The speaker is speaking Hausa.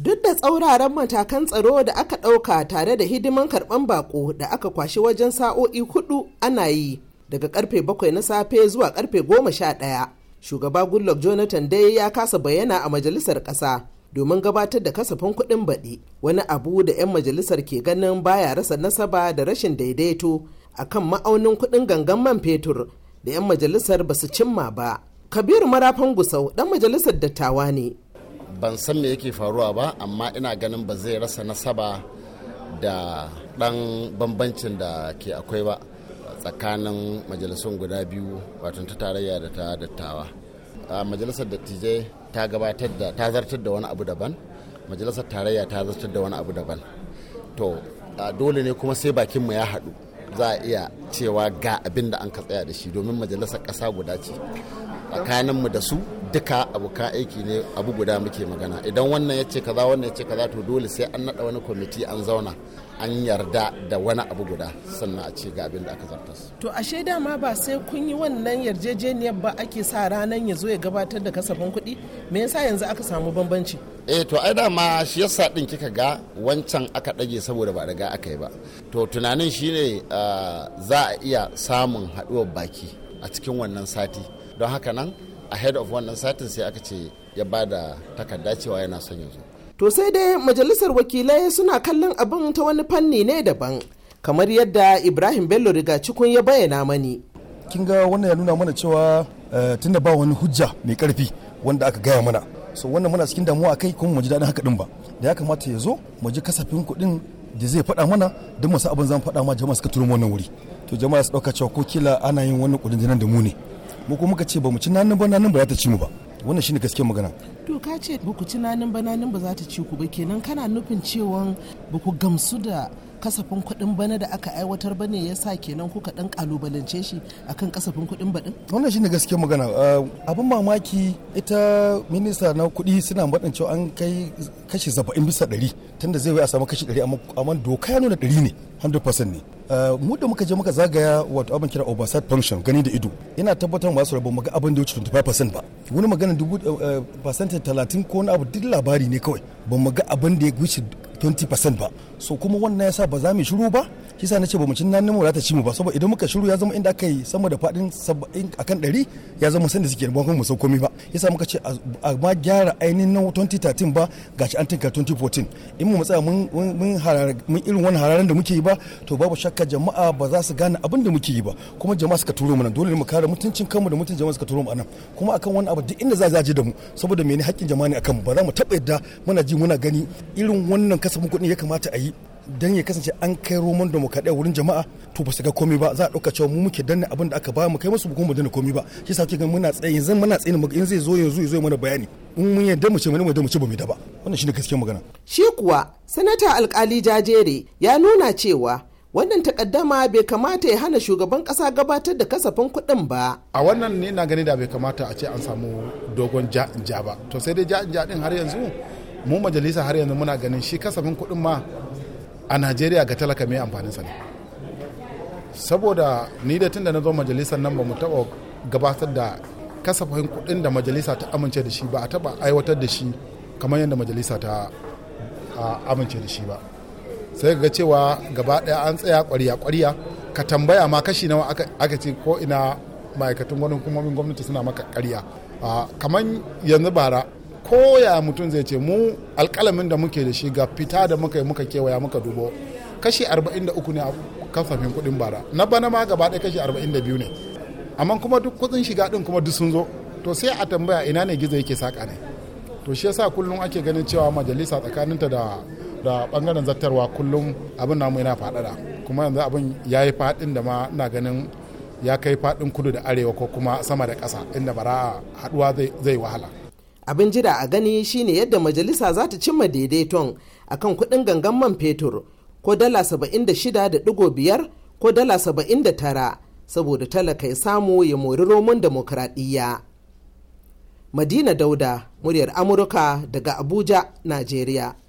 duk da tsauraran matakan tsaro da aka ɗauka tare da hidiman karɓan bako da aka kwashi wajen sa'o'i hudu ana yi daga karfe bakwai na safe zuwa karfe goma sha ɗaya shugaba goodluck jonathan dai ya kasa bayyana a majalisar ƙasa domin gabatar da kasafin kuɗin baɗi wani abu da 'yan majalisar ke ganin baya rasa nasaba da rashin daidaito akan ma'aunin kuɗin gangan man fetur da 'yan majalisar ba su cimma ba kabiru marafan gusau ɗan majalisar dattawa ne ban san me yake faruwa ba amma ina ganin ba zai rasa nasaba da dan bambancin da ke akwai ba tsakanin majalisun guda biyu wato ta tarayya da ta dattawa majalisar dattijai ta gabatar da ta zartar da wani abu daban majalisar tarayya ta zartar da wani abu daban to dole ne kuma sai bakin mu ya haɗu za a iya cewa ga abin da an ka tsaya da shi domin majalisar ƙasa guda ce tsakaninmu da su duka abokan aiki ne abu guda muke magana idan wannan ya ce kaza wannan ya ce kaza to dole sai an nada wani kwamiti an zauna an yarda da wani abu guda sannan a ce ga abin da aka zartas. To ashe dama ba sai kun yi wannan yarjejeniyar ba ake sa ranar ya zo ya gabatar da kasafin kuɗi me yasa yanzu aka samu bambanci? Eh to ai dama shi yasa ɗin kika ga wancan aka ɗage saboda ba riga aka yi ba. To tunanin shine ah, za a iya samun haɗuwar baki a cikin wannan sati don haka nan a head of wannan satin sai aka ce ya ba da takarda cewa yana son yanzu to sai dai majalisar wakilai suna kallon abin ta wani fanni ne daban kamar yadda ibrahim bello riga kun ya bayyana mani kin ga wannan ya nuna mana cewa eh, tunda ba wani hujja mai karfi wanda aka gaya mana so wannan muna cikin damuwa kai kuma mu ji daɗin haka din ba da ya kamata ya zo mu ji kasafin kuɗin da zai faɗa mana don mu sa abin zan faɗa ma jama'a suka turo wannan wuri to jama'a su ɗauka cewa ko kila ana yin wannan kudin da mu ne mu kuma muka ce ba mu ci nanin ba nanin ba ya ta ci mu ba wannan shine gaskiyar magana to ka ce ba ku ci nanin ba nanin ba za ta ci ku ba kenan kana nufin cewa ba ku gamsu da kasafin kuɗin bana da aka aiwatar ba ne ya sa kenan kuka ɗan kalubalance shi a kan kasafin kuɗin baɗin? wannan ne gaske magana ah, abin mamaki ita minista na kuɗi suna baɗin cewa an kai kashi saba'in bisa ɗari tunda zai wai a samu kashi ɗari amma doka ya nuna ɗari ne 100% ne ah, mu da muka je muka zagaya wato abin kira oversight function gani da ido ina tabbatar ba su rabu maga abin da ya wuce 25% ba wani magana dubu ah, kilomita talatin ko wani abu duk labari ne kawai ba mu ga abin da ya wuce 20% ba so kuma wannan yasa ba za mu shiru ba kisa na ce ba mu cin nan mu za ta ci mu ba saboda idan muka shiru ya zama inda aka yi sama da fadin a akan dari ya zama sanda suke ba kuma mu sau ba kisa muka ce a ma gyara ainihin na 2013 ba gashi an tinka 2014 in mu matsaya mun mun irin wani hararen da muke yi ba to babu shakka jama'a ba za su gane abin da muke yi ba kuma jama'a suka turo mu nan dole mu kare mutuncin kanmu da mutuncin jama'a suka turo mu nan kuma akan wani abu duk inda za a je da mu saboda mene haƙƙin jama'a ne akan mu ba za mu taɓa yadda muna ji muna gani irin wannan kasafin kuɗin ya kamata a yi dan ya kasance an kai roman demokradiyya wurin jama'a to ba su ga komai ba za a ɗauka cewa mu muke danne abin da aka ba mu kai musu kuma mu danne komai ba shi sa kika muna tsaye yanzu muna tsaye in zai zo yanzu zo mana bayani in mun yadda mu ce mu yadda mu ce ba mu da ba wannan shine gaskiyar magana shi kuwa sanata alkali jajere ya nuna cewa wannan takaddama bai kamata ya hana shugaban kasa gabatar da kasafin kuɗin ba a wannan ne na gani da bai kamata a ce an samu dogon ja'in ja ba to sai dai ja'in ja din har yanzu mu majalisa har yanzu muna ganin shi kasafin kuɗin ma a najeriya ga talaka mai amfaninsa ne saboda ni da tun da na zo majalisar nan ba mu taɓa gabatar da kasafin kuɗin da majalisa ta amince da shi ba a taɓa aiwatar da shi kamar yadda majalisa ta amince da shi ba sai ga cewa gaba ɗaya an tsaya ƙwariya ƙwariya ka tambaya ma kashi nawa aka ce ko ina ma'aikatan gwamnati gwamnati suna maka ƙarya kamar yanzu bara koya mutum zai ce mu alkalamin da muke da shi ga fita da muka yi muka kewaya muka dubo kashi 43 ne a kasafin kuɗin bara na bana ma gaba ɗaya kashi 42 ne amma kuma duk kudin shiga ɗin kuma duk sun zo to sai a tambaya ina ne gizo yake saka ne to shi yasa kullum ake ganin cewa majalisa tsakaninta da da bangaren zattarwa kullum abin namu yana faɗaɗa kuma yanzu abin ya yi faɗin da ma ina ganin ya kai faɗin kudu da arewa ko kuma sama da ƙasa inda bara haɗuwa zai wahala abin jira a gani shine yadda majalisa za ta cimma daidaiton akan kuɗin gangan man fetur ko dala saba'in da da shida biyar ko dala saba'in da tara saboda talaka ya samu ya mori roman demokradiyya madina dauda muryar amurka daga abuja najeriya